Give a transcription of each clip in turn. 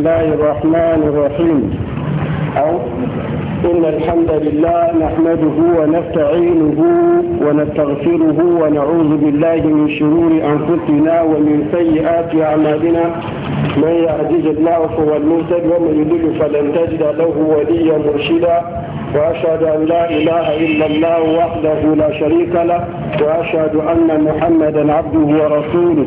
الله الرحمن الرحيم أو إن الحمد لله نحمده ونستعينه ونستغفره ونعوذ بالله من شرور أنفسنا ومن سيئات أعمالنا من يعجز الله فهو المهتد ومن يضل فلن تجد له وليا مرشدا وأشهد أن لا إله إلا الله وحده لا شريك له وأشهد أن محمدا عبده ورسوله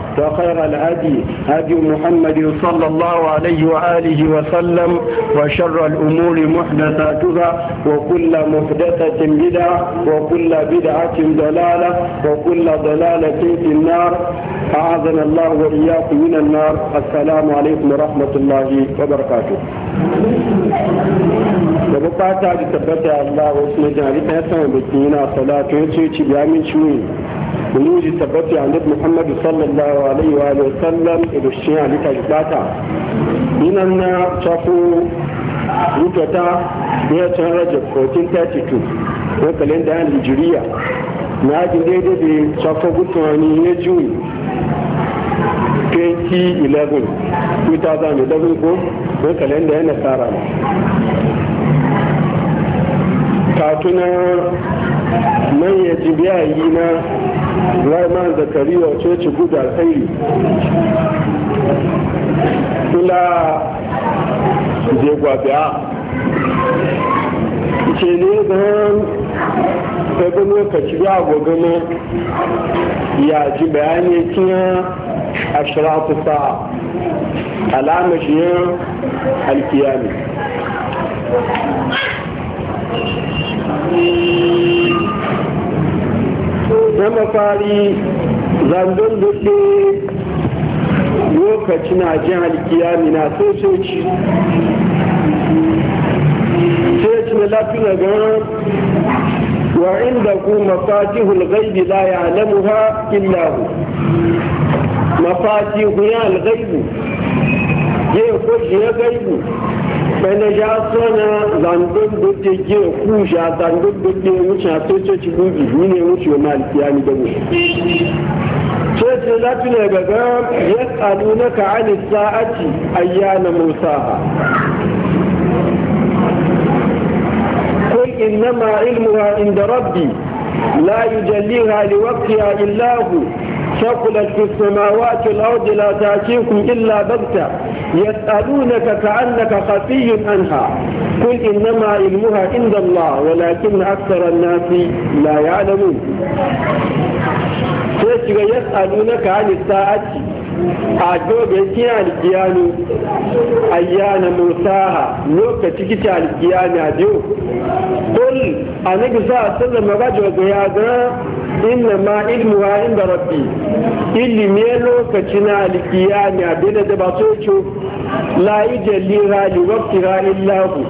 وخير الهدي هدي محمد صلى الله عليه وآله وسلم وشر الأمور محدثاتها وكل محدثة بدعة وكل بدعة ضلالة وكل ضلالة في النار أعاذنا الله وإياكم من النار السلام عليكم ورحمة الله وبركاته da bukata da tabbata Allah wasu na jami'ai ta sama bikin yana salatu ya ce ci biya min ciwo buluji tabbati a nabi muhammadu sallallahu alaihi wa sallam ido shi a lita jibata inan na tafu rutata ya can rajab 1432 na kalenda yan nigeria na ajin daidai da tafu gutuwani ya juyi 2011 2011 ko na kalenda yan nasara katuna manyan jibiya yi na Rahman Zakariya Church Good Alkhairi kula je ce ne zan ɗaga lokaci ya gwagana ya ji bayani kiyan ashiratu sa'a alamashiyar alkiyami na mafari zandon dutse lokaci na jin halkiyami na sosoci soci na lafiya ga وعنده مفاتيح الغيب لا يعلمها إلا هو مفاتيح الغيب يقول يا غيب ẹnẹjà sọ́nà zandogbòde jẹ́ òkú ìṣà zandogbòde oúnjẹ àtọ́jọ́jì lójú nínú oúnjẹ ọmọ àti àníbẹ̀wò. sai za tuna gaga ya tsalu na ka'ani sa'ati ayyana musa kun innama ilmuwa inda rabbi la yujalliha liwaqtiha illahu ثقلت في السماوات والأرض لا تأتيكم إلا بغتة يسألونك كأنك خفي عنها قل إنما علمها عند الله ولكن أكثر الناس لا يعلمون يسألونك عن الساعة agobe ki alikiyani ayyana mutaha lokaci kici alikiyani a diyo kul a nigi sa sallan magajo ga inna ma ilmu wa inda rabbi ilimi lokaci na ne abin da ba so ce la yi ra li waqti ra illahu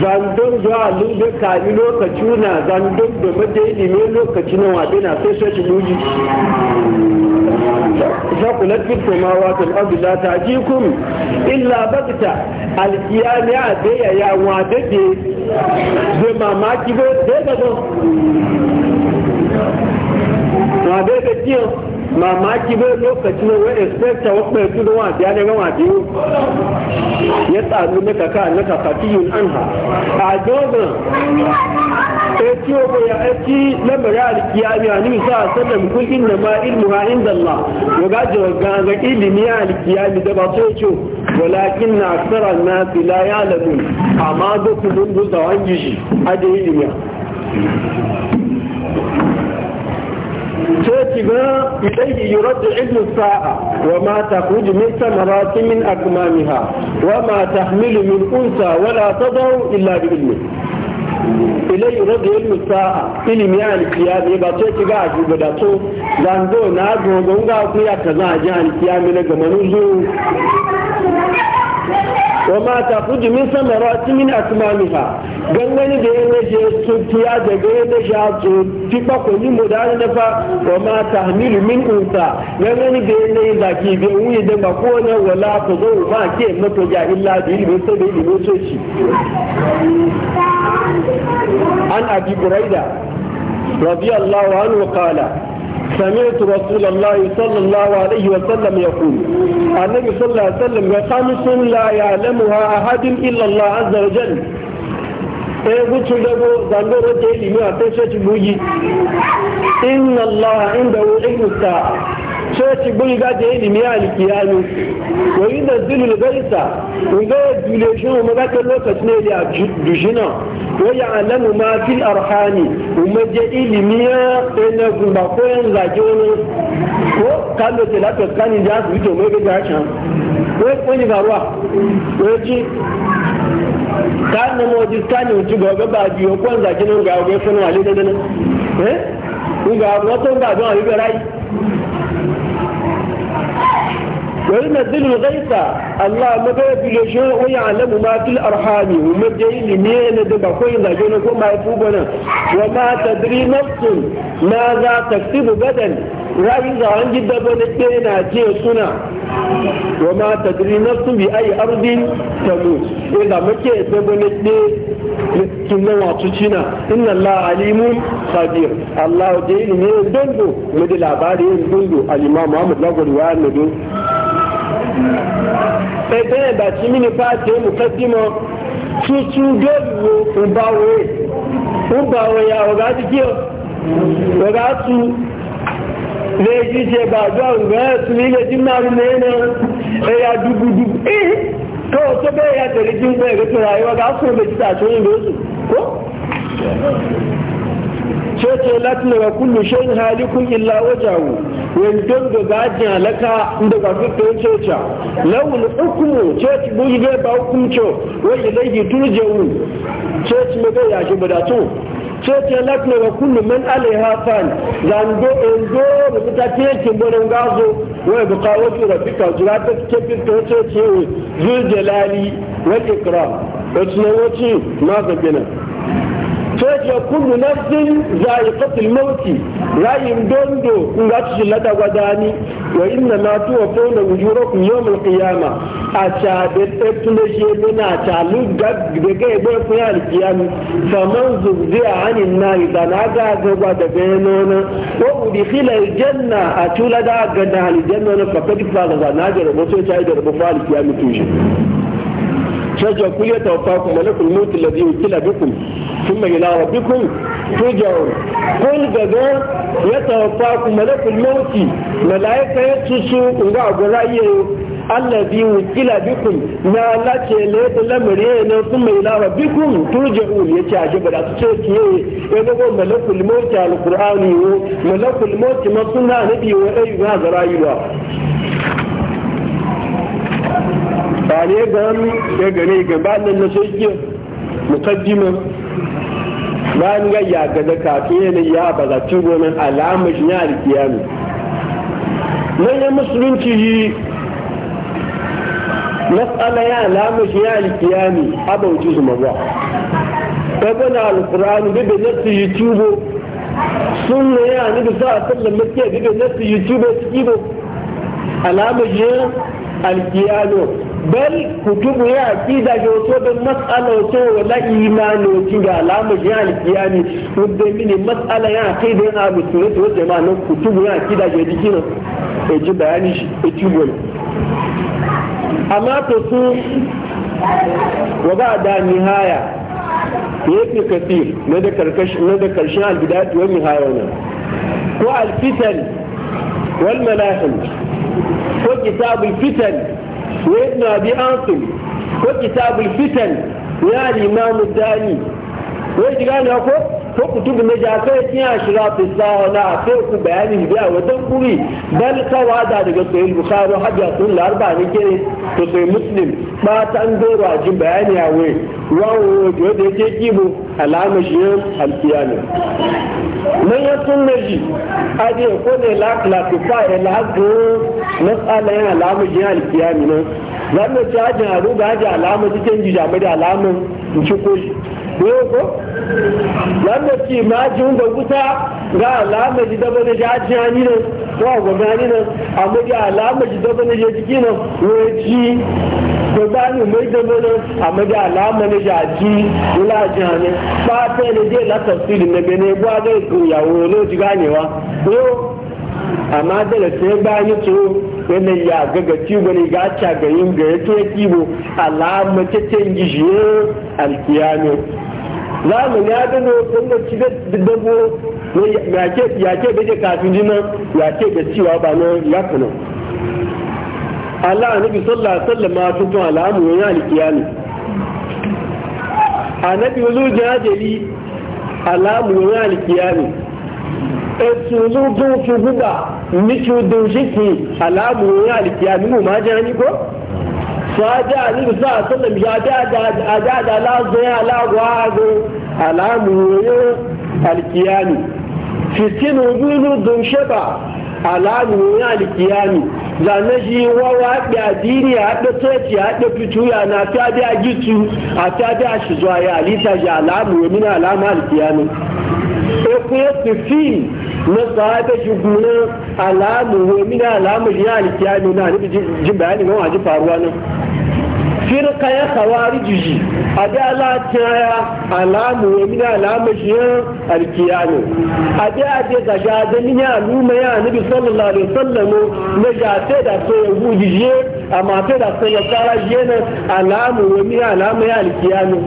zandon zuwa lube kami lokaci na zandon da mata ilimi lokaci na wabe na sai sai shigoji zakulat fit samawa wal abu la ta'tikum illa ne a abeya ya wadaje zai mamaki bai da ma bai ka kiyan mamaki bai lokacin wa expecta wa kuma yanzu da wa biya ne ga wa biyu ya tsalu na kaka na kafatiyun anha a dogon etiyobo ya ake lamari alkiyami a nisa a sallam kun inna ma ilmu ha inda Allah ya gaji ga ilimi alkiyami da ba so ce walakin na aksara na fila ya lamu amma zo kudin gusa wani shi a da ilimi ما إليه يرد علم الساعة وما تخرج من ثمرات من أكمامها وما تحمل من أنثى ولا تضع إلا بإلمه ilai rabu ilmi sa'a ilimi ya alkiya ne ba sai ki ga aji da to zando na dogon ga ku ya kaza a ji alkiya ne na gamanin wa ma ta kudu min samarati min akmamiha gangani da yana je tutiya daga yana sha su fi bako ni mu da na fa wa ma tahmilu min unsa gangani da yana yi zaki bai wuyi da ba ko na wala ku zo ma ke mato ja illa bi ilmi sai da ilmi so shi an abi buraida radiyallahu anhu qala سمعت رسول الله صلى الله عليه وسلم يقول النبي صلى الله عليه وسلم خمس لا يعلمها أحد إلا الله عز وجل إيه قلت له إن الله عنده علم الساعة coci gun da ilimi a alkiyami wa da zilul gaisa in ga ya dule shi mu ga lokaci ne ya dushina wa ya alamu ma fil arhani kuma je ilimiya ya ina ko yan zage wani ko kallo ce la to kani da su to mai ga can ko ko ni garuwa ko ji kan mo ji kan ni ci gobe ba biyo ko zage nan ga gobe sun da nan eh ku ga wato don وينزل الغيث الله ما بيبلي شيء ويعلم ما في الأرحام وما جاي لمين دبا كوين ذا جنكو ما يفوقنا وما تدري نفس ماذا تكتب غدا رأي ذا عن جدا بنتين هاتي سنة وما تدري نفس بأي أرض تموت إذا ما كي بنتين كنا واتشينا إن الله عليم خبير الله جاي لمين دنجو مدي العبارين دنجو الإمام محمد لغو رواية ẹgbẹ́ ìbàtí mini paati emu kẹ́sìmọ̀ tuntun dóòlù ìbáwé ìbáwé ya ọ̀gá dídí ọ̀ ọ̀gá tu léèjì ṣe ọ̀gá ẹ̀sùn ilé tí máa rí lẹ́nà ẹ̀yà tí ń bẹ́ẹ̀ rẹ̀ kúlù ṣe ń ha wendon da gajin alaka inda ga dukkan coca lawul hukumu coci bulge ba hukumco wai ilaihi turjawu coci mai gai yashi budatu coci ya lakna ga kullum man alaiha fan zango endo da ta tekin bonin gazo wai buka wasu rafika jira ta kefin ta coci yau zuljalali wal ikram wacce na wacce ma zabi zagina coci ya kullu nafsin za'iqatul mauti rayin dondo in ga ci lata gwadani wa inna ma tuwa wujura ku yau al kiyama a ta da tsatule shi bina ta lu da ga ba ku ya alkiyami saman fa a hannun na yi da na ga ga gwa da benona wa udkhila fila janna a tula da ga da al-janna na fa kadi fa ga na ga rabo sai ta yi da rabu fa alkiyami tushe. tushi shaja ta wafa fa kuma lakum mutu alladhi yukila bikum thumma ila rabbikum tujaru kun gaga ya tawafa ku malakul mauti malaika ya tusu unga agura iyo allazi wukila bikum na lace ne da lamare ne sun mai lawa bikum turja'u ya ce aje ba da su ce ki ya ga go malakul mauti alqur'ani yo malakul mauti ma suna sunna nabi wa ayu ga zarayuwa ba ne ga ya gane gaba nan na sai mukaddima bayan ga ya gaza kafin yanayi ya baza cin gonan alamar shi ya alkiyami manyan musulunci yi matsala ya alamar shi ya alkiyami abauci su mabuwa ɗaga alkurani bai da nasu yutubo sun na ya ni bisa a sallan mafiya bai da nasu yutubo su ibo alamar shi ya alkiyami bal kutubu ya akida ga wato da mas'ala wato wala imani wato ga alamu ya alkiyami wanda mini mas'ala ya akida ya abu sunnati wato ma nan kutubu ya akida ga jiki nan e ji bayani shi e ci goyi amma to su wa ba da nihaya yake kasir na da karkashin na da karshen albidatu wa nihaya nan ko alfitan wal malahim ko kitabul fitan وابن أبي أنصم وكتاب الفتن يا الإمام الداني ويجي قال يا ko kutubu na ja sai kin ya shira fi a sai ku bayani biya wajen kuri bal kawada daga sahih bukhari hajjatul larba ne ke to sai muslim ba ta an doro a jin bayani a wai wawo jo da yake kibo alama shi alkiyami nan ya sunna shi a je ko ne la classify la hadu mas'ala yana alama shi alkiyami nan zamu ci hajjin a ruga hajji alama cikin jijamai da alamun shi ko ko lamar ci ma jin da wuta ga alamar ji daba na jajiyani nan ko a gwamnani nan amma ga alamar ji daba na jajiki nan waji gbani mai daba nan amma ga alamar na jaji wula jihani ba ta ne zai lasa siri na bene gwa ga yawo ne ji ganewa ko amma da sai bayan tsoro yanayi ya gaga cibo ne ga cagayin ga ga ya ce kibo alamar ta yi shi alkiyano za mu ya dano wanda ci da dabo ya ke da kafin jina ya ke da cewa ba na ya kana Allah annabi sallallahu alaihi wasallam ma tutun alamu ya alkiyami annabi wulu jadeli alamu ya alkiyami esulu du fuguba mitu du jiki alamu ya alkiyami mu ma jani ko fàájá níbi sáà sọ́lẹ̀ mi àjáàdá aláàzọ́yá aláàgbáàgbó aláàmùwòyó alìkìyàmì fìtínú bínú dùn ṣẹ́bà aláàmùwòyó alìkìyàmì zane shi wawa haɗe addini a haɗe tsoci ya ya na ta a gitu a ta biya shi zuwa ya alita shi alamu ya mina alama alkiyami ɗauko e ya fi na sahabe shi guna alamu ya alamu shi alkiyami na bayani faruwa nan firka ya kawari jiji a da alatiya alamu ya mina alamu shi ya alkiyano a da a da gaja adalin ya aluma ya anabi sallallahu alaihi wasallam na jafe da so ya gu jiji a mafe da so ya kara jena alamu ya mina alamu ya alkiyano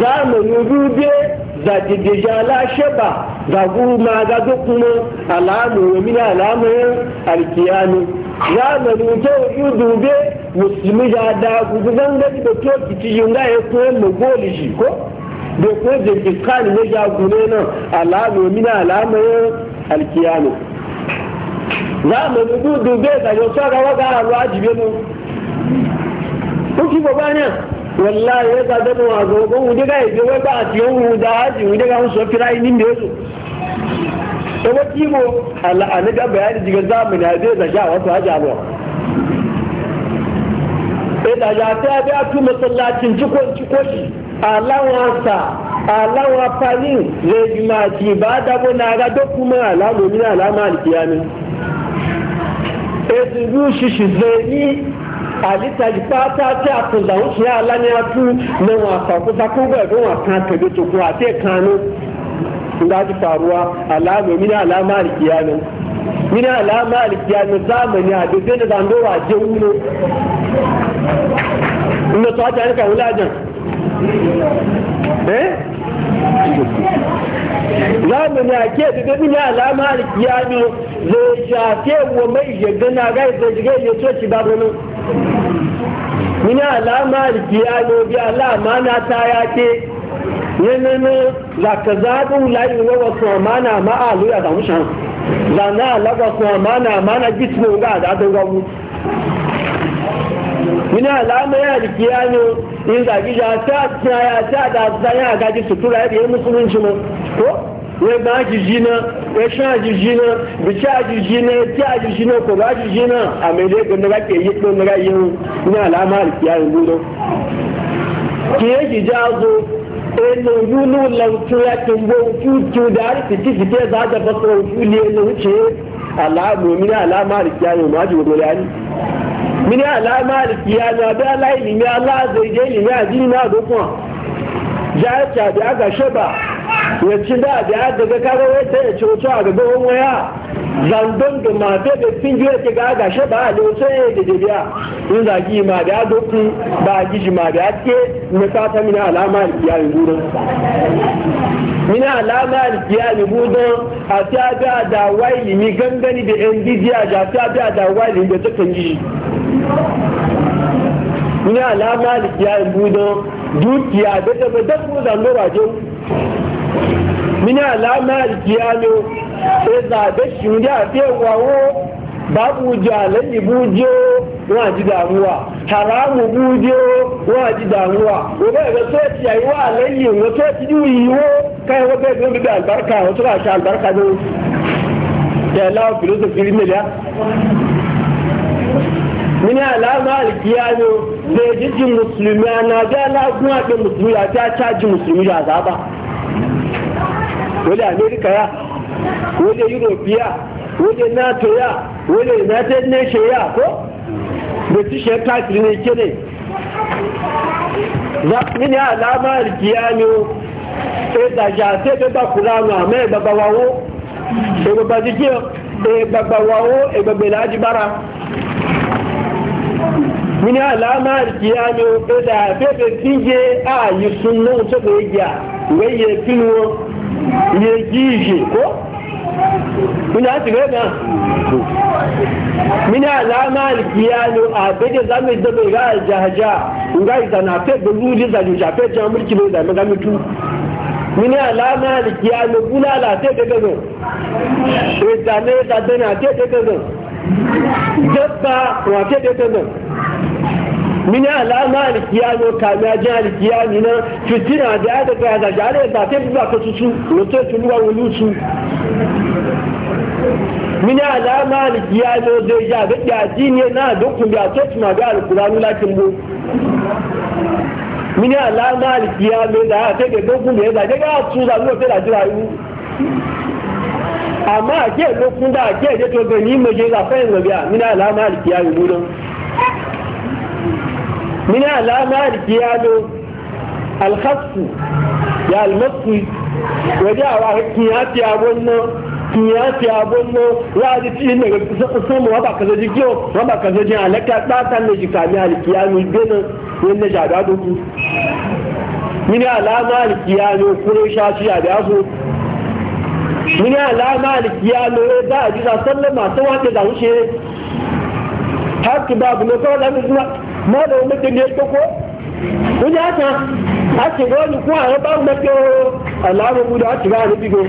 zamani dube za dideja la sheba za guma ga dokunan alamu ya mina alamu ya alkiyano ya zaru kyau yi dube musulmi ya da gugu gangani da toki ci yunga ya koyar da goli shi ko da ko da ke kan ne ya gune nan alamu mina alamu alkiyano za mu dubu dube da yau sa ga waga a wajibe mu kuki baba ne wallahi ya ga da mu a gogon wudi ga ya je wai ba a tiyan da haji wudi ga mu so firai nin da yaso ta wata ala'ani ga bayani jiga zamani a zai e da sha wasu hajji abuwa ina ya ta biya tu masallacin cikon cikoshi alawansa alawa fani zai ma ba da buna ga duk kuma alamu alama alkiyami ezu shishi zai ni àlítà ìpátá tí a tún làwọn ṣe aláníyàtú lẹ́wọ̀n àpapọ̀ sakúgbẹ̀ẹ́dọ́wọ̀n kan tẹ̀lé tòkun àti ẹ̀kanú sun ga faruwa alama mina alama alkiyamin mina alama alkiyamin zamani a duk sai da zandowa a je wuno inda su haka yanka wula jan eh zamani a ke da mina alama alkiyamin zai shafe wa mai shagana gai zai shiga ya so shi babu nan mina alama alkiyamin bi alama na ta yake ne za ka zaɓin layi wawa su amana ma a lura da mushan za na lawa su amana ma na gitmo ga da adon gabu ina alama ya da kiyano in za ki ya ta ya ta da ta ya gaji sutura ya da ya musulunci ma ko wai ba jijina wai sha jijina da sha jijina ta jijina ko ba na. a mai dai ganda ke yi ko na yin ina alama da kiyano gudu ki yake jazo eno yulu lautu ya tumbo utu tudari fiti fiti za da basu utu ne eno wuce Allah mu min alama rikiya ne ma ji gobe yani min alama ma ne abi Allah ilimi Allah zai je ilimi ajini na dokon ya ta da ga shaba ya ci da da ga kaga wai ta ya ci wuce a gaban waya zandon da mata da sun ji ke ga gashe ba a lotsa ya da jabiya in zagi ma da dokin ba a gishi ma da ke na fata mina alama alkiya ne gudun mina alama alkiya yi gudun a ta da da waili mi gangani da yan gijiya da ta da da waili da ta kan gishi mina alama alkiya yi gudun dukiya da ta bai dabbo zandon wajen mina alama alkiya ne e zaɓe shi ne a fiye wawo babu jalayi buje wa ji damuwa haramu buje wa ji damuwa wanda ga soci yayi wa alayyi wa soci yi wo kai wa ga gbe da albarka wa tura shi albarka ne ya lawo filosofi ne ya mini alama alkiyano da ya ji jin musulmi a na ga lagun haɗe musulmi ya ta caji musulmi da zaba wani amerika ya waje europe ya nato ya waje united nations ya ko ne ke ne za alama alkiyano e da ja se be ba ame baba wawo e baba jike e baba wawo e baba laji bara mini alama e da be tinje a yi be ya weye ye jije ko kuna shiga da mina alama alkiyalo a bege za da bai ga aljahaja nga izana fe da ruji da fe jan mulki ne da maga mutu mina alama alkiyalo kula la te da gazo izane da dana te da gazo dabba wa te da gazo mini alama alkiyano kamiya jin alkiyami na fitina da ya daga da jare da ta ba ka su su wato ya tuluwa wani su mini alama alikiya ne zai ja ga kyaji ne na dukkan da ta tuna ga alkuranu lakin bu mini alama alikiya ne da ya ta ga dukkan da ya zaje ga su da mu ta da jirayu amma a ke lokun da a ke je to gani mu je za fa yin biya mini alama alikiya ne gudun mini alama alikiya ne alkhassu ya almasu wajen a wa hakkin ya fiya wannan kiyasi abun no ya ji ci daga sun wa ba kaza ji kiyo wa ba kaza ji alaka tsatan da ji kami alkiyami benin wanda jada duku mini alama alkiyami kuma shi a da su mini alama alkiyami ya da a ji za sallan masu wata da wuce har ki babu ne kawai da ma da wani da ne ko ko wani haka a shiga wani kuma a rabar mace alama mu da a shiga a rubi go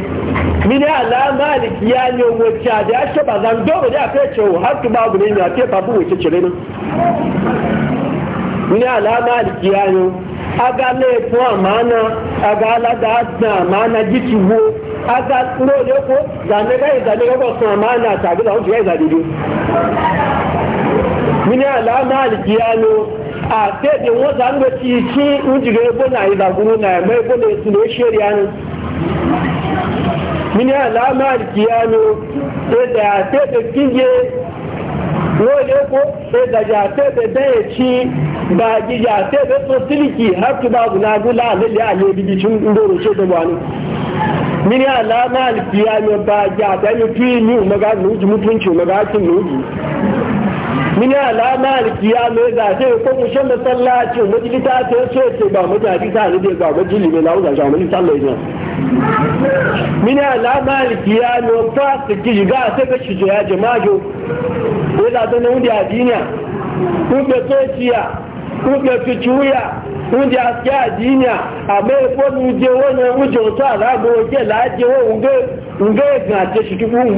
mini alama da kiya ne wacce a da ya ba zan dole da aka ce har ki babu ne ya ce babu wacce cire ne mini alama da kiya ne aga laifin amana aga alaga da amana jiki wo aga lóde ko zane ga izane ga ko sun amana tabi da wuce ga izane do mini alama da kiya ne àtẹ́ẹ̀dẹ̀ wọ́n sá ń gbé ti kí ń jìgẹ̀ egbó ya ìdàgbòrò náà ẹ̀mọ́ egbó lè tún lè ṣe ki ánú e mini àlàámà àdìkì ánú ẹ̀dà àtẹ́ẹ̀dẹ̀ kíje lóòlé kó ẹ̀dàjà àtẹ́ẹ̀dẹ̀ bẹ́ẹ̀ kí gbàgìjà àtẹ́ẹ̀dẹ̀ tó sílìkì hàtúbà gùnàgùn láàlélẹ̀ àlè ibi tí ń gbòòrò ndoro tó wà ní mini àlàámà àdìkì ánú gbàgìjà ni tí ní òmùgá lòójì mutunci òmùgá tí min alama alkiya me za ko mu shan masallaci majalisa ta ce ce ba mutane ta ne ba majili ne lawo ga mun sallai ne min alama alkiya no fa su ki ga ta ga ya jama'a ko da ta ne wanda adiniya ko da tsociya ko da tuciya oúnjẹ àti àdínyà àmẹ́ ìfọ́nù jẹ́ wọ́n ní oúnjẹ ọ̀tọ́ àlágbò ọjẹ́ láàájẹ́ wọ́n ń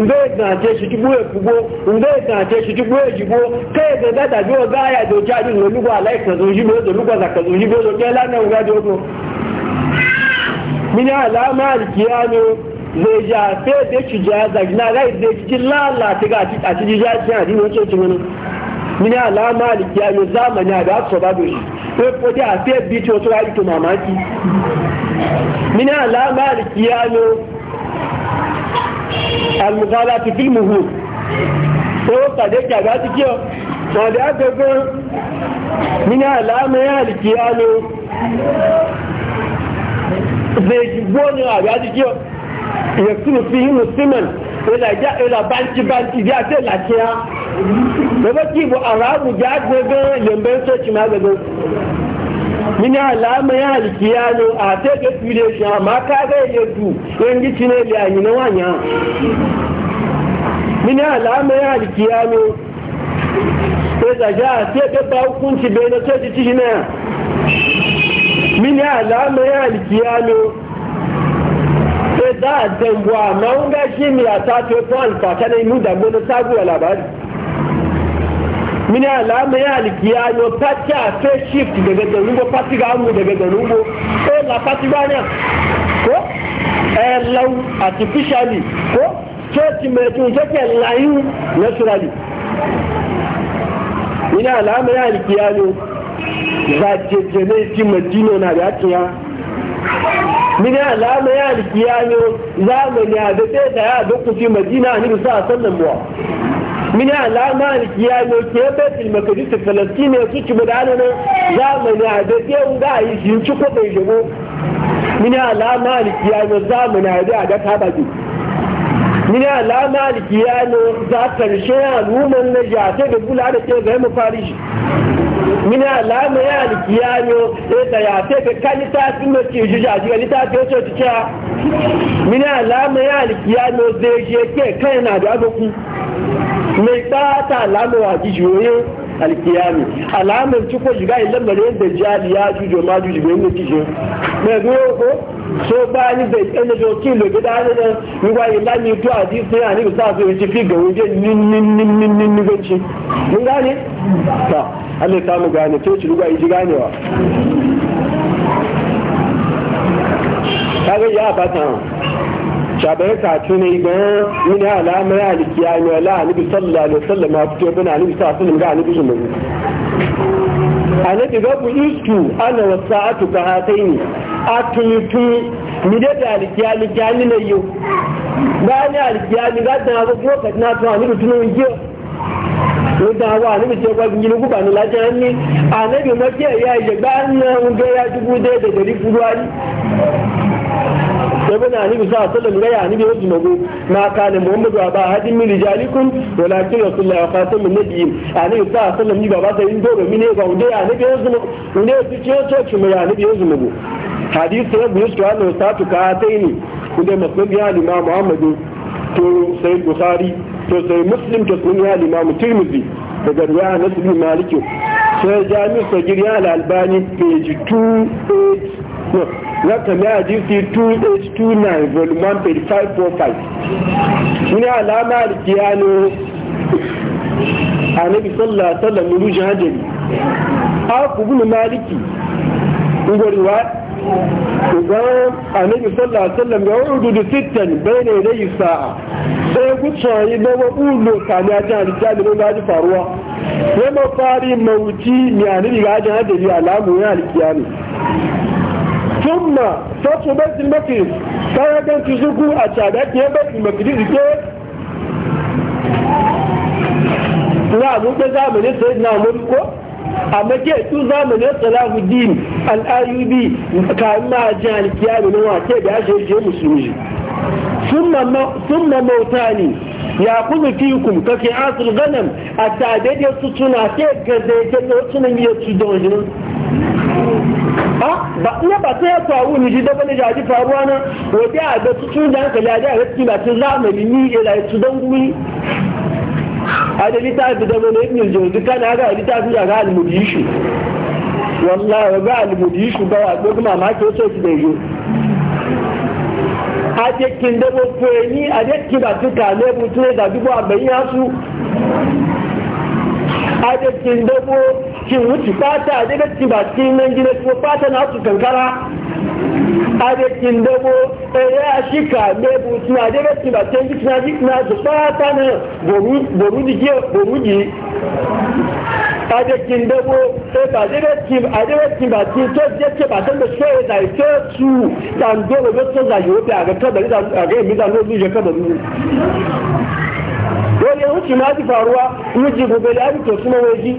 ǹdó ìgbà àti èṣù tí gbóyè púgbó ǹdó ìgbà àti èṣù tí gbóyè jìgbó kéèké gádà bí ọgá àyàdò jáde lólúgbà aláìsàdùn yìí lóòdò lúgbà sàkàdùn yìí lóòdò kẹ́ lánàá ògbà dé ogun. mini alama alkiyanu zai ja fe da ci ja zagina rai zai ci lalata ga a ci ja ci a dinin cocin wani mini alama alkiyanu zamani a da su ba doshi ko ko dai a fe bi to to ya yi to alùsára ti fílmù hù ó pàdé kàgbá ti kí ọ wọ́n dá gbogbo nínú àlàámẹ́ àlìkí ánú zèjìgbó ní àgbá ti kí ọ ìyẹ̀kùnù fi inú símẹ̀n ìlà báńkì báńkì bí àti ìlàkíá lọ́wọ́ kí ìbò àrà àbùjá gbogbo yẹ̀mbẹ́ tó ti gbogbo mini alama ya alkiyano a teke tude shi amma ka ga yadda yan gici ne da yi na wanya mini alama ya alkiyano sai da ja teke ba hukunci bai na tsoci ciki na mini alama ya alkiyano sai da a dambuwa ma wunga shi mila ta teku alfata na inu dambu na sabuwa labari mini alama ya alikiya yo pati a fe shift daga zanungo pati ga amu daga zanungo ko la pati ba na ko elau artificially ko church mẹtun jẹkẹ layu naturally mini alama ya alikiya yo za jeje ne ti madina na da kiya mini alama ya alikiya yo zamani a da ya ya dokufi madina ni bisa sallan buwa من علامة الكيان وكيبة المقدس الفلسطيني يسوك بدعنا زامن عددية ودعي ينشوك بيجمو من علامة الكيان وزامن عددية عدد هبادي من علامة الكيان وزاك الشيان ومن نجاته بقول على كيف هم فاريش من علامة الكيان وزاياته بكالتا سمتي جاجي كالتا تيوتوتيا من علامة الكيان وزاياته كينا بعضكم mai bata alamar wa jijiyoyin alkiyami alamar ci ko shiga ilan bare da jali ya jujo ma jujo bai mu mai goyo ko so ba ni bai kana jo ki lo gida ne da aji sai ani sa so ci fi ga waje nin nin nin nin nin ni gaci mun gane ta Allah ta mu gane to ci yi ganewa kaga ya shabarar kacu ne bayan wani alamar alikiya ne wala anibi sallallahu alaihi wasallam ya fito bin anibi sa sunan ga anibi su mazu anibi ga bu istu ana wasa atu ka hatai ne a tunitu ni da da alikiya ni gani na yau gani alikiya ni ga da ga lokaci na to anibi tunun jiya ni da wa anibi ce kwa gini guba ni lafiya ni anibi mace ya yi ga gani na ga ya dubu da da dari furuwa bẹ́ẹ̀ náà níbi sọ àtọ́lẹ̀ nígbàyà níbi ó dùnmọ̀gbó máa ka ni muhammadu abba ahadi mili jalikun wọlá kí lọ sílẹ̀ ọ̀fà sọmi níbi yìí àníbi sọ àtọ́lẹ̀ níbi hadisi ya biyu su hannun satu ka ataini muhammadu to sai bukhari to sai muslim to sun ya lima mutirmizi daga ruwa na maliki sai jami'u da ya albani page 2 rakami hadisi 2829 volume 1 page 545 wani alama a nabi sallallahu alaihi wasallam rujin hajjari aku bin maliki ungwarwa idan annabi sallallahu alaihi wasallam ya wudu da sittan bayne da sa'a sai gucayi da faruwa sai mafari mauti ne annabi hadari alamu ya súnmà sọ́tù bẹ́tì mẹ́tì sáyẹ́gẹ́ ti zúkú àti àdẹ́kì bẹ́tì mẹ́tì dìdì pé ní àmúgbé zámìnì sèé ní àwọn olùkó àmẹ́kẹ́ ètú zámìnì sọ́láhù dín al'ayubi kàrí máa jẹ́ àlìkíyàmì ní wọn àti ẹ̀dẹ́ àṣẹ́jẹ́ mùsùlùmí súnmà mọ́ta ni ya ku ka kake asir ganam a tàdé da su tuna sai ga zai gano tunan yi su don ba ba ta ya faru ji da bane jaji faruwa na a da hankali a ba tun zamani ni ya su don guri a da littafi da ibn kana ga littafi da ga ga ba wa mamaki da a cikin da bo ni a da ba butu da dubu a da bo cin wuce fata daga cin ba nan gina ko fata na su kankara a da cin dabo eh, ya shika me butu a daga ci ba gina na na su fata na goru di ke goru a da cin dabo eh, ba daga cin a daga cin ba to je ce ba san da so ya zai to su dan dole ga to zai yo ta ga kada ga mi da no je kada dole wuce na ji faruwa wuce gobe da abin to suna waje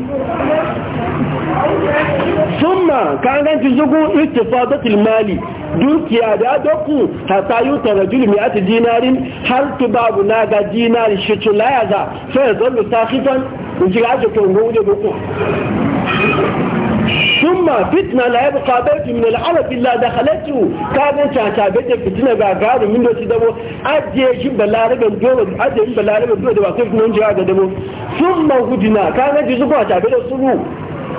summa kan ganci zugu istifadatul mali dukiya da doku ta sayu ta rajul mi ati dinarin har tu babu na ga dinarin shi tulayaza sai zallu sakitan in ji ga to ngo wuje doku thumma fitna la yabqa baytu min al-arab illa dakhalatu kadan caca bete fitina ga garu min doci dabo ajiye shi balaraban dole ajiye shi balaraban dole da ba kai kuma jira ga dabo thumma hudina ji zuwa suru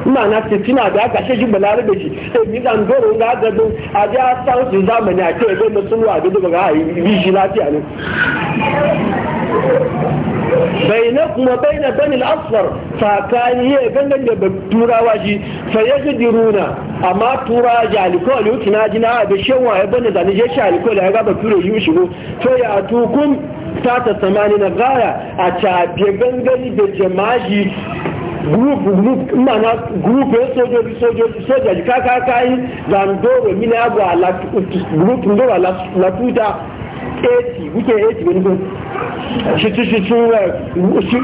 ina na fitina da aka shi balarabe shi sai mi dan goro ga gado a san su zamani a ce ga suru a gado ga yi shi lafiya ne bainakum kuma baina bani al-asfar fa kan yi gangan da turawa ji fa yajdiruna amma tura ji alkawali tuna jina da shewa ya bani da ni je shi alkawali ya ga ba tura yi shigo to ya atukum ta ta samani na gaya a cafe gangani da jama'i group group mana group ya sojoji sojoji sojoji kaka kayi zandoro mina abu a group ndoro a 80 wike 80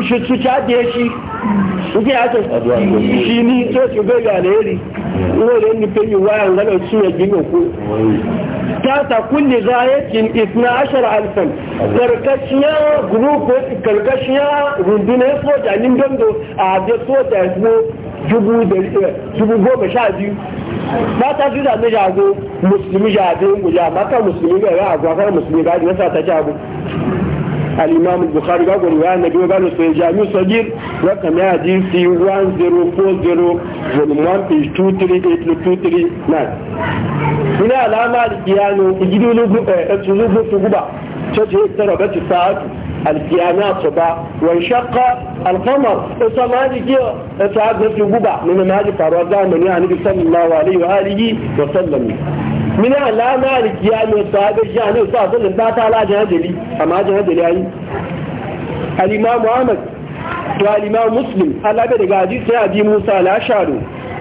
ṣùtù ṣáàdì ẹṣí ṣùgbẹ́ àtọ̀ ṣì ní tó ṣù bẹ́ẹ̀ àlẹ́rí wọ́n rẹ̀ ní pé ìwà ìrànlọ́ sí ẹgbẹ́ òkú tata kulle zayatin isna ashar alfan karkashiya gurupu karkashiya rundunar soja nin dondo a da soja eh, ko dubu goma sha biyu ba ta fi zane jago musulmi jago guja maka musulmi ga ya agwa musulmi ga ya sa ta jago الإمام البخاري قال رواية النبي قال في جامع صغير رقم حديثي 1040 من 1 page هنا علامة القيام الساعة القيامات صبا وانشق القمر اصلا هذه كيه اصعاد نفسه قبع من هذه فاروزان من يعني صلى الله عليه وآله وسلم min alama alkiyami sahabe shi a sa sallan ba ta la jahadali amma jahadali ayi al-imam Ahmad wa al-imam Muslim Allah bai daga hadisi sai abi Musa al-Ashari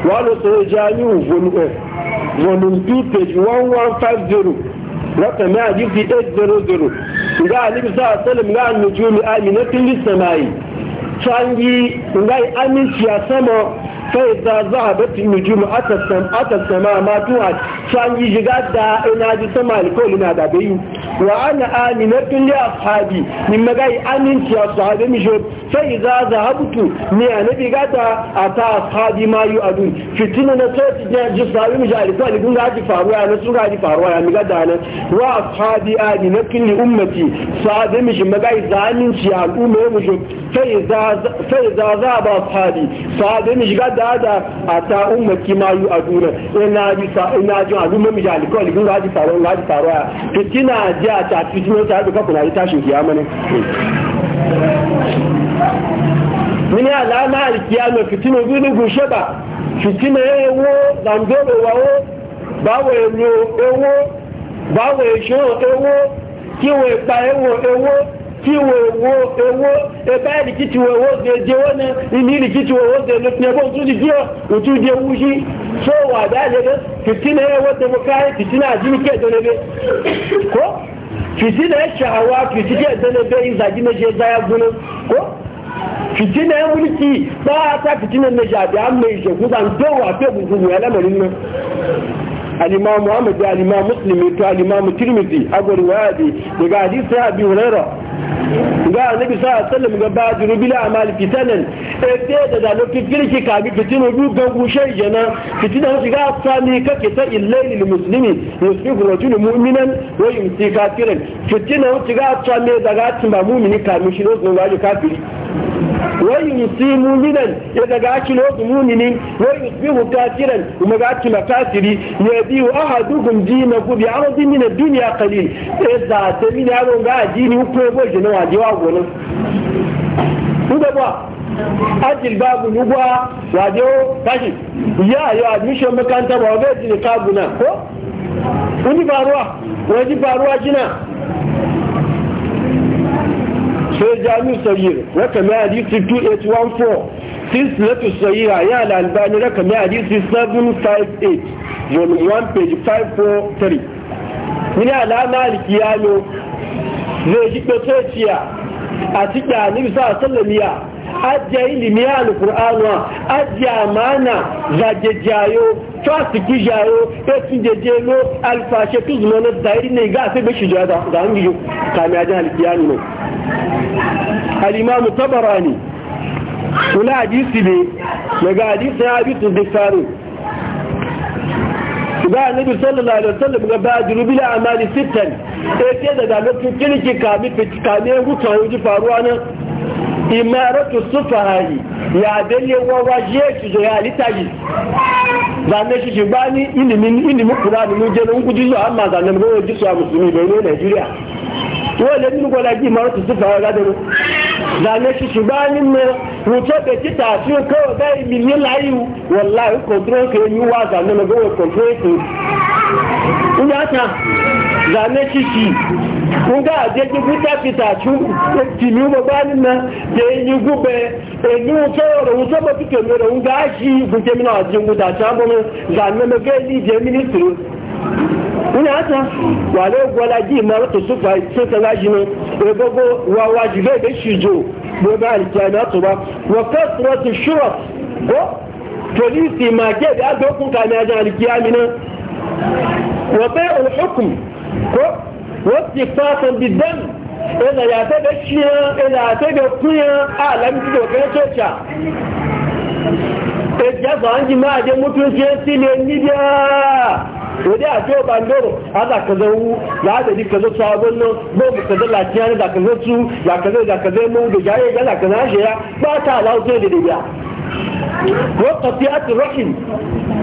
wa lo so jami'u eh, volume volume 2 page 1150 rakam ya hadisi 800 ga alibi sa sallan ga nujumi aminatin lis-samai changi ngai aminci ya sama فإذا ذهبت النجوم أتى السماء أتى السماء ما توعد فأن يجغاد دا إنا دي سماء لكل نادا بين وأنا آمنة لأصحابي مما جاي أمنت يا أصحابي مجوب فإذا ذهبت ميا نبي غادا أتى أصحابي ما يؤدون فتنة نتوت جي صحابي مجالي قال قلنا غادي فاروا أنا سنو غادي فاروا أنا مغادا أنا وأصحابي آمنة لأمتي صحابي مجوب مما جاي زامن في الأمة مجوب sai za za ba fadi fadi mi ga da da ata ummaki mayu aduna ina ji sa ina ji aduna mi ga liko liko ga ji taro ga ji taro ya fitina ji ata fitina ta duka kula ita shin kiyama ne min ya la ma al kiyama fitina bi ni gushe ba fitina ye wo zango ba wa wo ba e wo ewo ki e wo ipa e ewo ki wowo ewo ebe ayi rikici wowo de je wani ini rikici wowo de lutu ne bon tuji jiyo utu je wuji so wa da je ga fitina ya kai e, kiti fitina a jini ke dole be ko kiti fitina ya shahawa fitina ke dole be in zagi na je ya gunin ko kiti ne fitina ya mulki ba ta fitina na ku an mai wa dowa fe bugu ya lamarin nan الإمام محمد الإمام مسلم الإمام الترمذي أبو الوادي يقال حديث يا أبي هريرة قال النبي صلى الله عليه وسلم قال بعد ربيل أعمال إيه في سنة ابتدى ذا لو كتير كي كان كتير وجود جنب شيء جنا كتير هو شجاع ثاني ككتا الليل المسلمين يصبح رجل مؤمنا ويمسك كثيرا كتير هو شجاع ثاني دعات مؤمن كان مشرف نعاج كافر wani yusi muminan ya daga aki lotu muminin wani yusbihu kafiran kuma ga aki makasiri ya biyu ahadukum dinahu bi aradin min ad-dunya qalil sai za ta min yaro ga ajini ko bo jina waje wa gonin kuda ba ajil babu nugwa waje kashi ya yo ko faruwa faruwa sai jami'u sayir wata mai hadisi 2814 silsilatu sayira ya al'albani raka mai hadisi 758 volume 1 page 543 wani alama alkiyano zai ji ɓace ciya a cikin anibisa a sallamiya ajiya ilimi alkur'anwa ajiya amana zajejayo fasiki jayo etu jejelo alfashe tu zuma na dairi ne ga sai bashi jada da an gijo kami ajin alkiyani ne alimamu tabarani kula hadisi ne daga hadisi ya abitu disaru ga annabi sallallahu alaihi wasallam ga badiru bil amali sittan sai e da da lokacin kirki kami kami hutu faruwa nan imaratu sufahari ya dele wawa je ki zo ya litaji yi shi shi bani ilimin ilimin qur'ani mun je mun kuji zuwa amma zanne mun go su musulmi bai ne Najeriya to le mun go la ji maratu sufahari ga dero zanne shi shi bani mun rute da kita su ko ga miliyan layu wallahi control ke yi wa zanne mun go control ke zane ciki kun ga aje ki buta fitacu tinu ba bani na da yi gube eni wuce da wuce ba fike mu da un ga shi buke mina a jin guda ta ba zane na ga ni je ministry ina ta wa wale gwala ji ma to su fa ce ta ga shi ne e gogo wa wajibe da shi jo bo ba alkiyana to ba wa kasratu shurat go polisi ma je da dokun ka ne ajin alkiyami nan wa bai'ul hukm ko wasu fasan bidan ina ya ta da shiya ina ta da kuya a lamci da kai coca e ja za an ji ma je mutu je sile ni da a da to bandoro hada ka zawu ya da dika zo sabon nan bo mu ka dala kiyan da ka zo su ya ka zo da ka zo mu da jaye da ka na shi ya ba ta lawo da da wakati ati rahim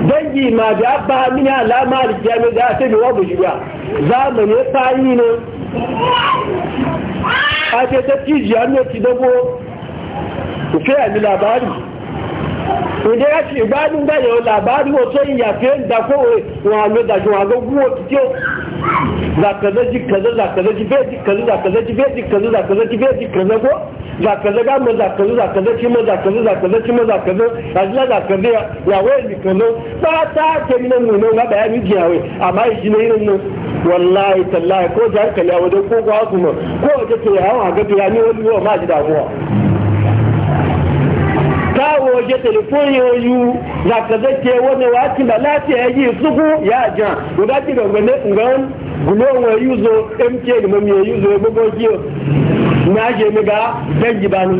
dangi ma da ba mini alama aljami da ta biwa bujiya zamani ya fayi ne a ce ta ciji hannu ci dago ku kai ami labari ìdí ẹ̀ṣì ìgbádùn bẹ̀rẹ̀ làbárí òtó ìyàfẹ́ ìdàkówè wọn àmìdàjú àgógún òtítí zakazẹ́jì kazẹ́ zakazẹ́jì bẹ́ẹ̀jì kazẹ́ zakazẹ́jì bẹ́ẹ̀jì kazẹ́ zakazẹ́jì bẹ́ẹ̀jì kazẹ́ zakaza ga ma zakaza zakaza ci ma zakaza zakaza ci ma zakaza azla zakaza ya ya wai ni kano ba ta ta mina mu ne ga bayani jiya wai amma yi ne irin nan wallahi tallahi ko jar kale a wajen ko kwa kuma ko wajen to ya hawa ga to ya ni wani wa ma ji damuwa ta waje telefon yoyu zakaza ke wani wati ba lafiya ya yi suku ya jan guda ki ga gane ngan gulo wa yuzo mk ne mu yuzo ya bugo kiyo na je mi ga dangi ba ni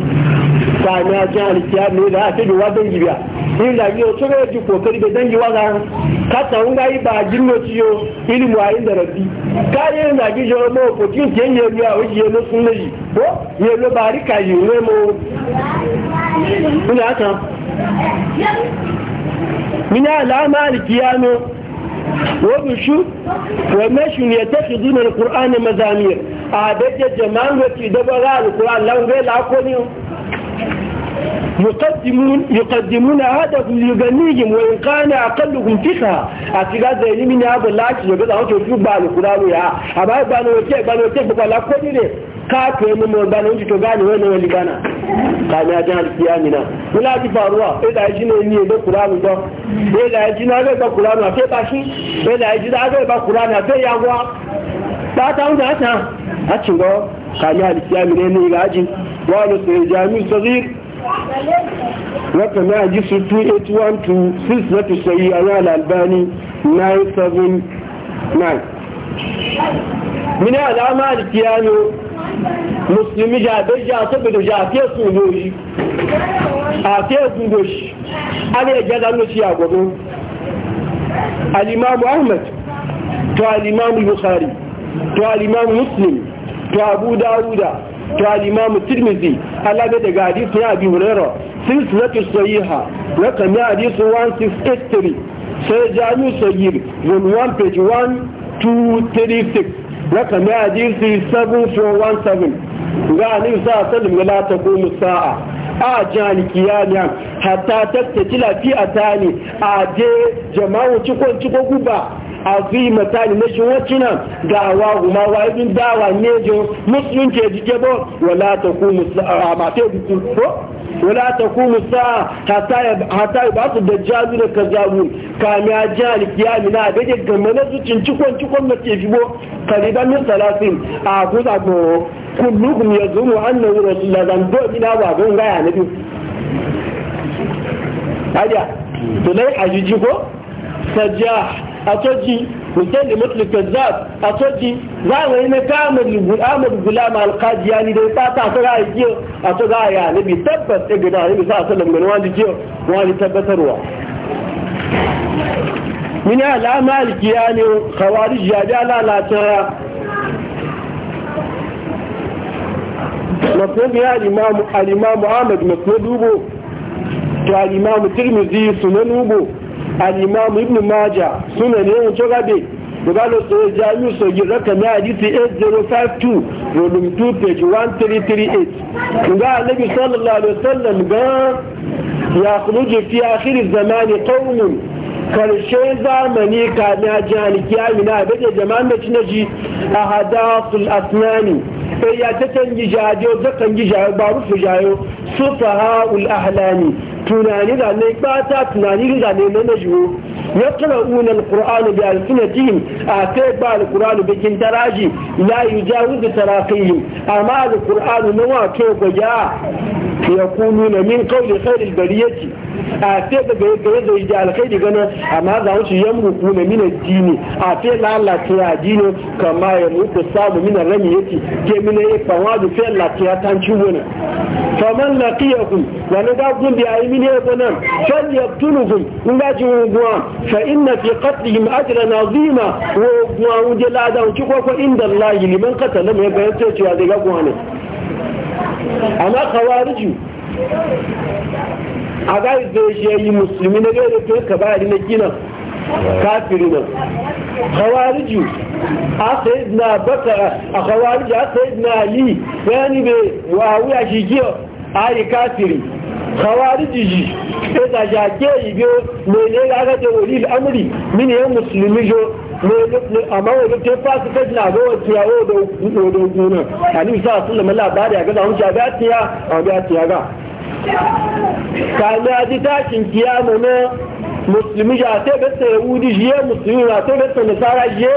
ta a cin ne da a tebe wa dangi biya ni da ni o ga ji kokari da dangi wa ga ka ta un yi ba jinno ci yo ilmu ayin da rabbi ka ne na gi jo mo ko ti k'e ye mi a o je no sun yi ko ye lo ba ri ka yi ne mo ni ata mina alama alikiya no wani shu wani shu ne ta shi zuna da ƙur'ani mazaniya a daga jama'an wacce da ba a da ƙur'an lamurai lakoni yuqaddimuna hadafu li ganihim wa in kana aqalluhum fiha a tiga da ilimi ne abu lati yaga da wato shu ba ya a ba ba ne wacce ba ne wacce ba la ne káàkiri ní mo gbá lóúnjẹ tó gáàlì wọ́n lọ́wọ́ lè gánà kàmí ajá àti àmìnà ní faruwa ẹ̀dà ne náà ní èdè kùránù gbọ́ ẹ̀dà ẹ̀jí náà agbẹ́gbẹ́ kùránù àti ìbáṣí ẹ̀dà ẹ̀jí náà agbẹ́gbẹ́ kùránù àti ìyàwó pátá ń dà tán àti ngọ́ kàmí àti àmìnà ní ìlàjì wọ́n lọ sí ìjà mi sọ́rí rẹ́pẹ̀mẹ́ àjí sí two eight one two six zero sẹ́yí àwọn àlàlbáni nine musulmi jabe ja so bido ja fiye su yoyi a fiye su yoyi ala ya gaza nuci a gobe alimamu ahmad to alimamu bukhari to alimamu muslim to abu dawuda to alimamu tirmizi ala bai daga hadisun ya abi hurera silsilatu sahiha rakami hadisun 1683 sai jami'u sahih volume 1 page 1236 raka mai hadisi 7417 ga ni sa sallam la taqumu sa'a a jani kiyaniya hatta tattaci lafiya ta ne a je jama'u cikon cikon guba a fi mata ne na shi wacina ga awa kuma wa ibin dawa ne jo musulunci ya jike bo wala taqumu sa'a ma ta ko ولا تقوم الساعة حتى يبعث الدجال من الكذابون كان يجعل القيام لا بيجي كمان زوجين تكون تكون ما تجيبو قريبا من ثلاثين أقول أبو كلهم يزعم أنه رسول الله ذنبه من هذا أبو غاية نبي هذا تلاقي حجيجي كو سجاح أتجي وسيد مثل الكذاب أتجي زعما هنا كامل أحمد غلام يعني ده تاتا أتجا يجيو أتجا يا نبي تبت إجدا إيه نبي صلى الله عليه وسلم من وان يجيو وان تبت روا من علامة كياني خوارج جاجالا يعني لا ترى مطلوب يا يعني الإمام الإمام محمد مطلوب هو الإمام يعني الترمذي سنن هو al'imam ibn maja suna ne yawan cogabe gabalo tsoye jami'u soji raka na hadisi 8052 volume 2 page 1338 ga annabi sallallahu alaihi wasallam ga ya khruju fi akhir zamani qaumun karshen zamani ka na jihar kiyami na abin jama'an da ci na ji a hadasul asnani sai ya ta tangi jajo zakan gi jayo ba rufu jayo su faha'ul ahlani tunani da ne ba ta tunani da ne na najiwo ya tara una alquran bi alsinatihim a ta ba alquran bikin daraji la yujawiz tarafihi amma alquran na wato gaja ya kunu na min kauli khair albariyati a ta da ga ga da alkhair gana amma za su yamru kuna min aljini a ta la la ta jini kamar ya muku sabu min rami yati ke min ya fawadu fi la ta tan chuwana faman laqiyakum wa nadabun bi من يتنام فليقتلهم من أجل عبوان فإن في قتلهم أجل نظيمة وعبوان ودي الأعداء وكيف عند الله لمن قتلهم يبين تيتي هذه عبوانة أما خوارج أغاية بيشيئي مسلمين غير فيك بعد نجينا كافرنا خوارج أخذنا بكاء خوارج أخذنا لي يعني بواوي عشيجي أي كافرين kawari khawariji e da jage ibe ne ne ga ga da wali al'amri min ya musulmi jo ne amma wani ke fasu kai na ga wani yawo da da gona ani sa sallama labari ga da hunja ga tiya a ga tiya ga kana ji tashin kiyama na musulmi ja ta ga wudi je musulmi ja ta ga nasara je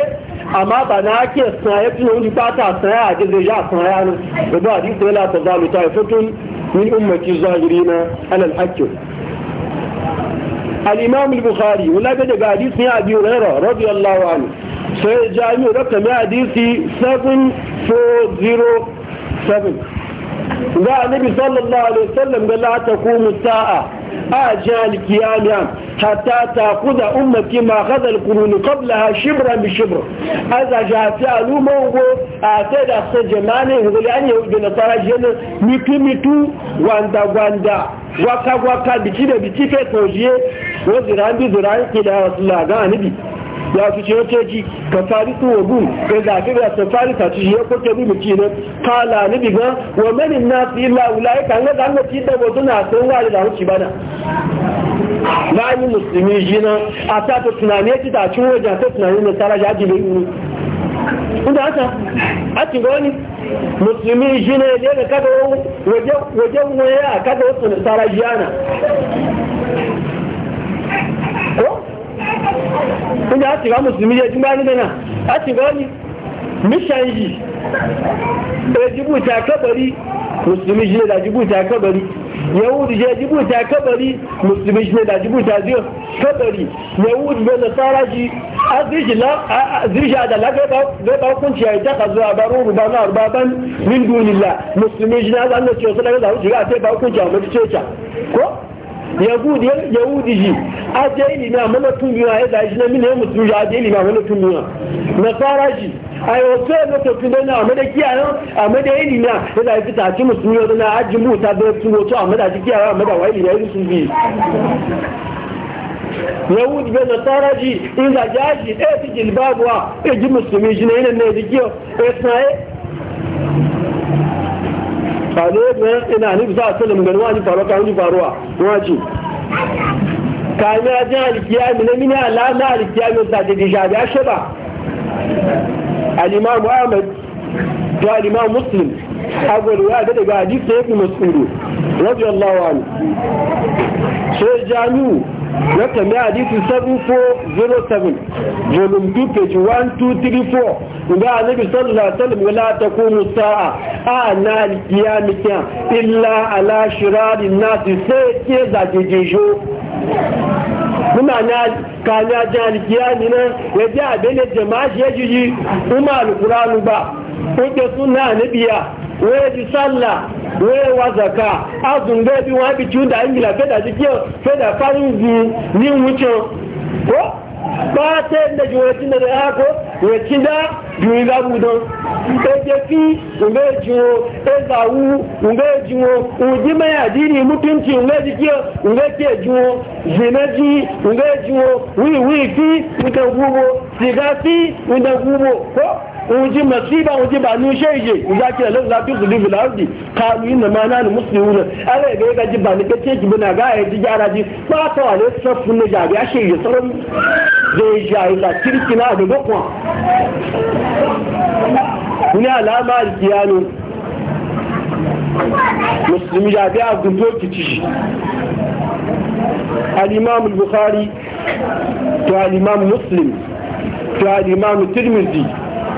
amma ba na ake sanaye tuna wani ba ta sanaya a jirgin ya sanaya ne da ba a jisun yana ta zalu ta fitun min ummaci zahiri na alal hakkin al-imam al-bukhari wala da daga hadisin ya abi hurairah radiyallahu anhu sai jami'u rakam ya hadisi 7407 ga annabi sallallahu alaihi wasallam ga la taqumu sa'a a jihar kiyamiya hatta ta kuda ummaki ma hazal kuruni kabla ha shibra bi shibra a zaji hafi aluma ugo a sai da sai jamani hukuli an yahudu na tsara jini mitu mitu gwanda gwanda waka waka biki da biki kai tojiye wa ziran bi ziran ki da wasu laga anibi ya su ce wace ji ka fari tuwo gun ya zafi ya ta fari ta ci ya kwace bi miki ne kala ni diga wa manin na su yi la'ula ya kan ga zanga ci da wasu na sun wari da huci bana na yi musulmi ji na a ta ta tunani ci ta cin wajen ta tunani na tsara ya ji bai yi inda haka a ci ga wani musulmi ji ne ya ga kada wajen waya kada wasu na tsara ji ana inda a shiga musulmi ya jima ni dana a mishan yi e jibuta kabari musulmi shi ne da jibuta kabari yahudu je jibuta kabari musulmi shi ne da jibuta zai kabari yahudu bai nasara shi ba ya yi ta a baro ruba na rubaban min musulmi shi na zanen cewa su daga zaru shiga a ta ba a mutu ko yahudi yahudi ji aje ilimi a mana tumiwa ya da shi na mini ya musulmi ji aje ilimi a mana tumiwa nasara ji a yi wasu ya zata fi dana a mada kiyayen a mada ilimi a ya da fi tafi musulmi ya zana aji muta da su wato a mada ji kiyayen a mada wa ilimi ya yi musulmi yahudi bai nasara ji in za ji aji e ɗaya fi jilbabuwa ya e ji musulmi ji na yanar ne ya ji kiyo ya e ba ne ga ina ni za a sallam ga wani faruwa ka wani faruwa wace ka ni a jin alkiyami na mini ala na alkiyami ta da dishabi a shaba al-imam Ahmad da al-imam Muslim agwal wa da daga hadisi ibn Mas'ud radiyallahu anhu sai jami'u lọ́tọ̀ ní àdíkù 7407 volume 2 page 1234 musa a náà yá mìtíà ilá aláṣírárì náà ti fẹ́ tí è zàjèjì muna na kani ajiyar alikiya nina ya ji abin da jama'a shi ya jiji kuma alkuranu ba kuke suna na biya wee ji sallah wee wa zaka azun ga bi wa bi tunda ingila feda jikiyo feda farin zu ni wuce ko ba ta yadda jiwacin da zai hako wacce da juyi za mu don ejefi unga jiwo ezawu unga jiwo uji mai adini mutunci unga jikiyo unga ke jiwo ji, unga jiwo Wi-wi fi unta gubo siga fi unta gubo ko uji masiba uji ba nu sheje uja ke lan za tu zulubu lardi kalu inna ma na al muslimun ala ga ga ji ba ni kace ki bina ga ya ji jara ji ba ta wale safu ne jabi ya sheje saron zai jayi la kirkina da gokwa ni alama alkiyanu musulmi ya ga gundo kici al-imam al-bukhari to al-imam muslim to al-imam tirmidhi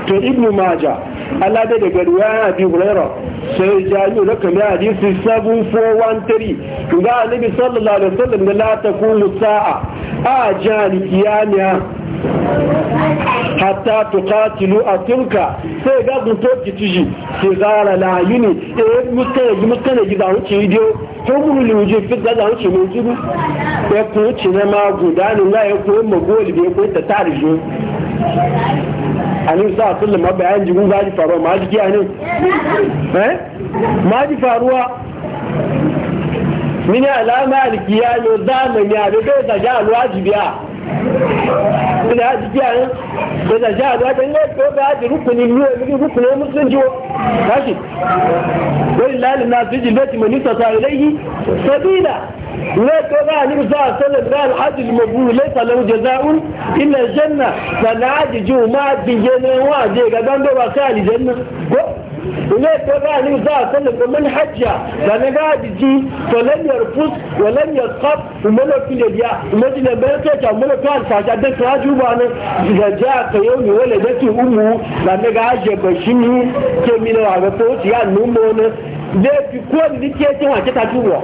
to ibnu maja Allah da daga ruwaya bi hurairah sai jami'u rakami hadisi 7413 ga annabi sallallahu alaihi wasallam da la kullu sa'a a jani kiyamiya hatta a atilka sai ga gun to kitiji sai zara la yini e eh, mutane gi mutane gi da huce idio ko mun li wuje fi da da huce mun jibu e ko ci na ma gudanin la e ko mu goli be ko ta tarijo ani sa sallu ma bayan jibu ba ji faruwa ma ji ani eh ma ji faruwa mini alama alkiya alkiyalo zamani a da kai da ja alwajibiya da haji kiyayen da da sha da kan yau ko da haji rukunin yau da rukunin musulunci kashi wani lalin na su jilbati mani sa sa ilaihi sabila ne ko da ni sa sallan da alhaji mabrur laysa lahu jazaa'un illa janna fa la ajju ma bi janna wa je ga dan da ba sai aljanna ko ne ta gani za a sanin ga manhajja da na gadi ji to lan yarfus wa lan yasqab umma fi liya umma ji da bayan ta umma ta alfaja da ta juba ne da ja ka yau ne wala da ti ummu da na gaje ba shi ni ke mi na ga to ya numo ne da fi ko ni ke ta wace ta juba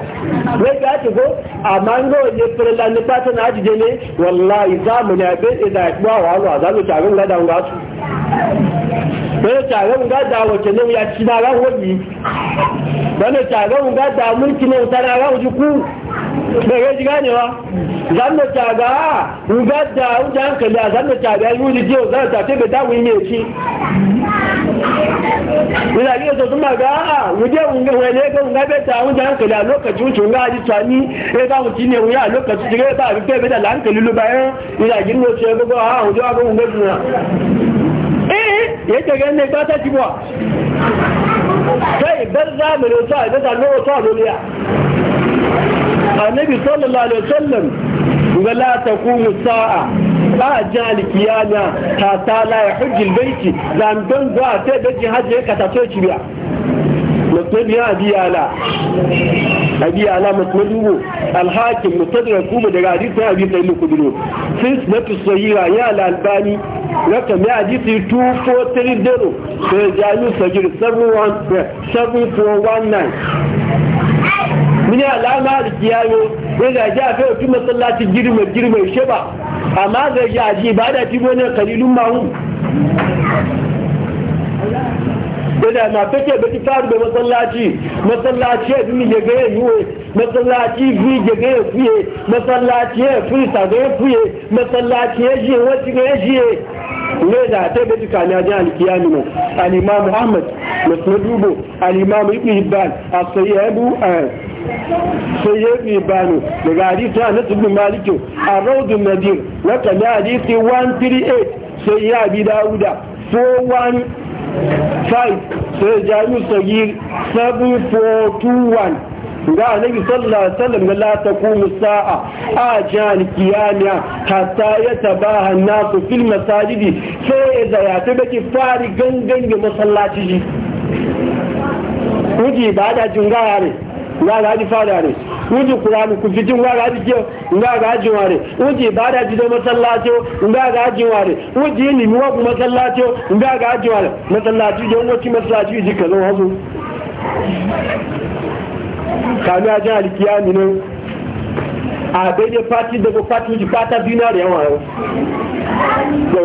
wai ga ta go amma ngo ne fere ne ta na ajije ne wallahi zamani abin idan ba wa wa zalu ta ga da ngasu wani taron gada wace nan ya ci na ran wani wani taron gada mulki nan tana ran jiku bai ji ganewa zanna taga gada wuce hankali a zanna taga yi wuli jiyo zanna tafe bai damu yi mai ci ina yi yasa sun maga a wuje wunga wani ga wunga bai ta wuce hankali a lokaci wuce wunga aji tsani ya ga mutu ne wuya a lokaci jirai ba a rufe bai da hankali lu bayan ina girma ce ya gugu a wuje wa ga wunga eh yake ganin ba ta kibuwa kai bar zamani wasu a ibada na wasu a duniya annabi sallallahu alaihi wasallam ga la taqumu sa'a ba jali kiyama ta ta la yahujjil baiti zan don zuwa sai da jihad ya kata so kibiya مسند أبي أبي علا مسنده الحاكم مستدرك كوبا دقاديس أبي الصغيرة يا الألباني alama da kiyayo sai ga ji a kai otu masallaci girma girma sheba amma ga ji a ji ba da tibo ne kalilun mahun yana na fake da ki faru da masallaci masallaci ya mi ya gaya yuwe masallaci fi ya gaya fiye masallaci ya fi sa gaya fiye masallaci ya je wacce gaya je ne da ta gaji kani a jihar kiyami mu al'imam ahmad masnadubo al'imam ibn hibban a sayyabu sayyabu hibbanu daga hadisi a nasu bin malikin a raudun nadir na kami hadisi 138 sai ya bi dawuda 41 5 sai jami'u sagir 7421 ga annabi sallallahu alaihi wasallam da la taqumu sa'a a jan kiyamiya hatta yatabaha an-nasu fil masajidi sai da ya baki fari gangan ga masallaci ji kuji ba da ne ya ga ji fara ne wuji kuranu ku fi jin waga ji nga ga ji ware wuji ibada ji nga ga ji ware wuji ilimi ku masallaci nga ga ji ware je wuci masallaci ji kazo hazo kami ajin alkiyami ne a daidai fati daga fati wuji fata biyu na da yawa yau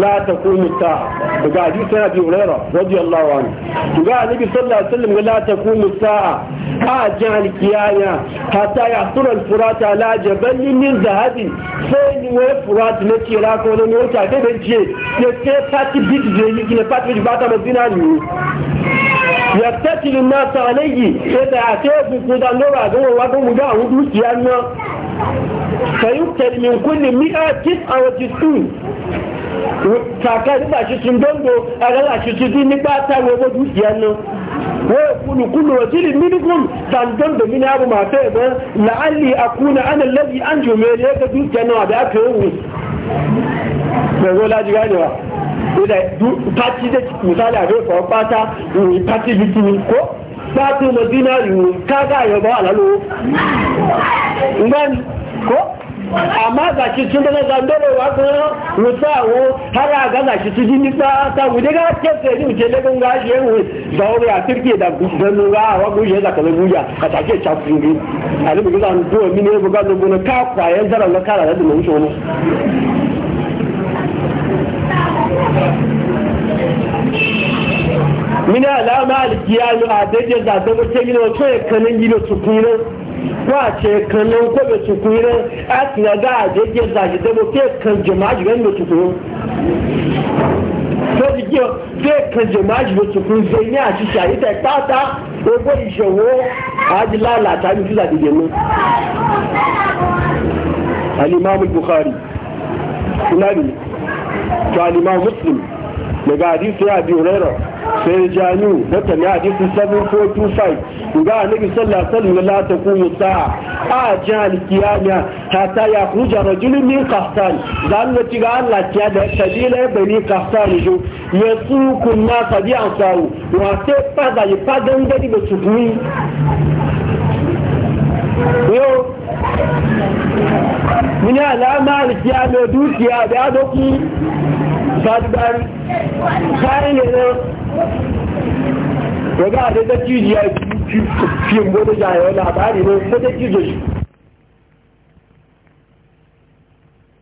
لا تقوم الساعة وقاعد يسأل أبي هريرة رضي الله عنه وقال النبي صلى الله عليه وسلم لا تقوم الساعة أجعل كيانا حتى يحصل الفرات على جبل من ذهب فين وفرات نتي ولا نوتا كيف كبنتي يتي فاتي بيت زيني كي نفاتي بيت مدينة يقتل الناس عليه إذا أتيه بقضاء نورا دور وقوم بقى ودوس يانا فيقتل من كل مئة تسعة وتسعون kàkà nígbà tuntun dóńgbò àgàlà tuntun dín nígbà táwọn owó dúkìá náà wọ́n kúlù kúlù rọ̀jìlì mímíkùn tàǹdóńgbò mi ní abu màtọ́ ẹ̀gbọ́n làálì àkúnà ánàlẹ́bí àǹjọ̀mẹ́rẹ́ ẹ̀ka dúkìá náà àbí àpẹ́ òwú pẹ̀lú lájú wáyé wa pàtí dé mùsàlẹ̀ àríwẹ̀kọ́ pátá ìrìn pàtí bí kìí kó pàtí mọ̀dínà ìrìn kágá àyọ̀bọ̀ amma ga shi tun daga zandoro wa kuma rusa wo har a ga ga shi su ji nisa ta wuje ga ke ni wuce daga ga shi yau da wuri a turke da gudanu ga wa guje da kaza guja a ke ta kuri alibi ga zan do mi ne buga gona ka zara ga kala da mun shono mina alama alkiyanu a daidai zaɓen wata gina wata yakanin gina tukunan kwace kanan kwabe tukuri a tiya ga a jirgin zaji dabo ke kan jimaji wanda tukuri tó ti jẹ́ pé kẹjọ máa jùlọ tukun ṣe ní àṣìṣe àyíká pátá ogún ìṣòwò àdìláàlà àtàbí bukhari to muslim daga hadisi ya biyu raira sai jami'u wata ne hadisi 7425 ga annabi sallallahu alaihi wasallam la taqumu a jihar kiyama ta ta ya kuja rajulun min qahtan dan ne tiga Allah ya da kabila bani kastan ju yasuku na tabi ansaru wa sai fada ya fadan gadi ba su yo mini alama alkiya mai dukiya da ya doki sadubari kayan ne daga da ta cijiyar fiye gwada jayayen labari ne ta ta cijiyar